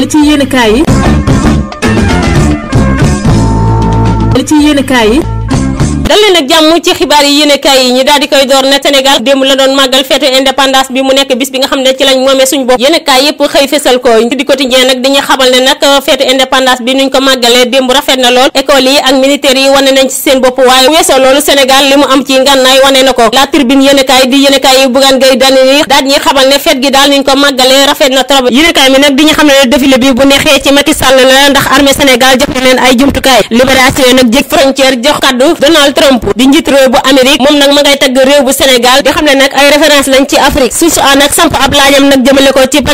li ci yéenekaay yi li ci yéenekaay yi dal leen ak jàmm ci xibaar yi yéene yi ñu daal di koy door na Sénégal démb la doon màggal feetu indépendance bi mu nekk bis bi nga xam ne ci lañ moomee suñu bopp yéene ko di quotidien nag dañuy xamal ne nag feetu indépendance ko màggalee démb rafet na lool école yi ak militaires yi wane nañ ci seen bopp waaye weesoo loolu Sénégal li mu am ci ngànnaay wane na ko la tribune kaay di yéene xamal ne feet gi daal nuñ rafet na trop yéene kaay mi nag di ñu xam ne défilé bi bu neexee ci Macky Sall la ndax armée Sénégal jox na leen ay jumtukaay libération nag jëg frontière jox kaddu Donald Donald Trump di njiit réew bu Amérique moom nag ma ngay tagg réew bu Sénégal di xam nag ay référence lañ ci Afrique suuf a nag samp ab laajam nag jëmale nag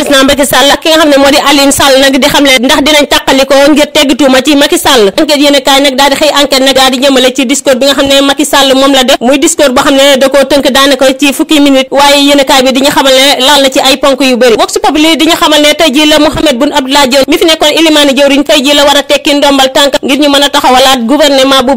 moom la def muy discours boo xam da koo tënk daanaka ci fukki minute waaye yéen bi di ñu xamal ne laal na ci ay ponk yu bëri vox populi di ñu xamal ne tey ji la Mouhamed Boun Abdallah Dionne mi fi nekkoon ilimaani jëwriñ tey ji la war a tekki ndombal tànk ngir ñu mën a taxawalaat gouvernement bu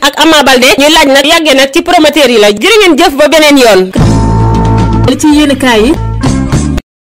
ak Ama Baldé ñuy laaj nag yàggee nag ci promoteur yi la jërë ngeen jëf ba beneen yoon. ci yéen kaay yi.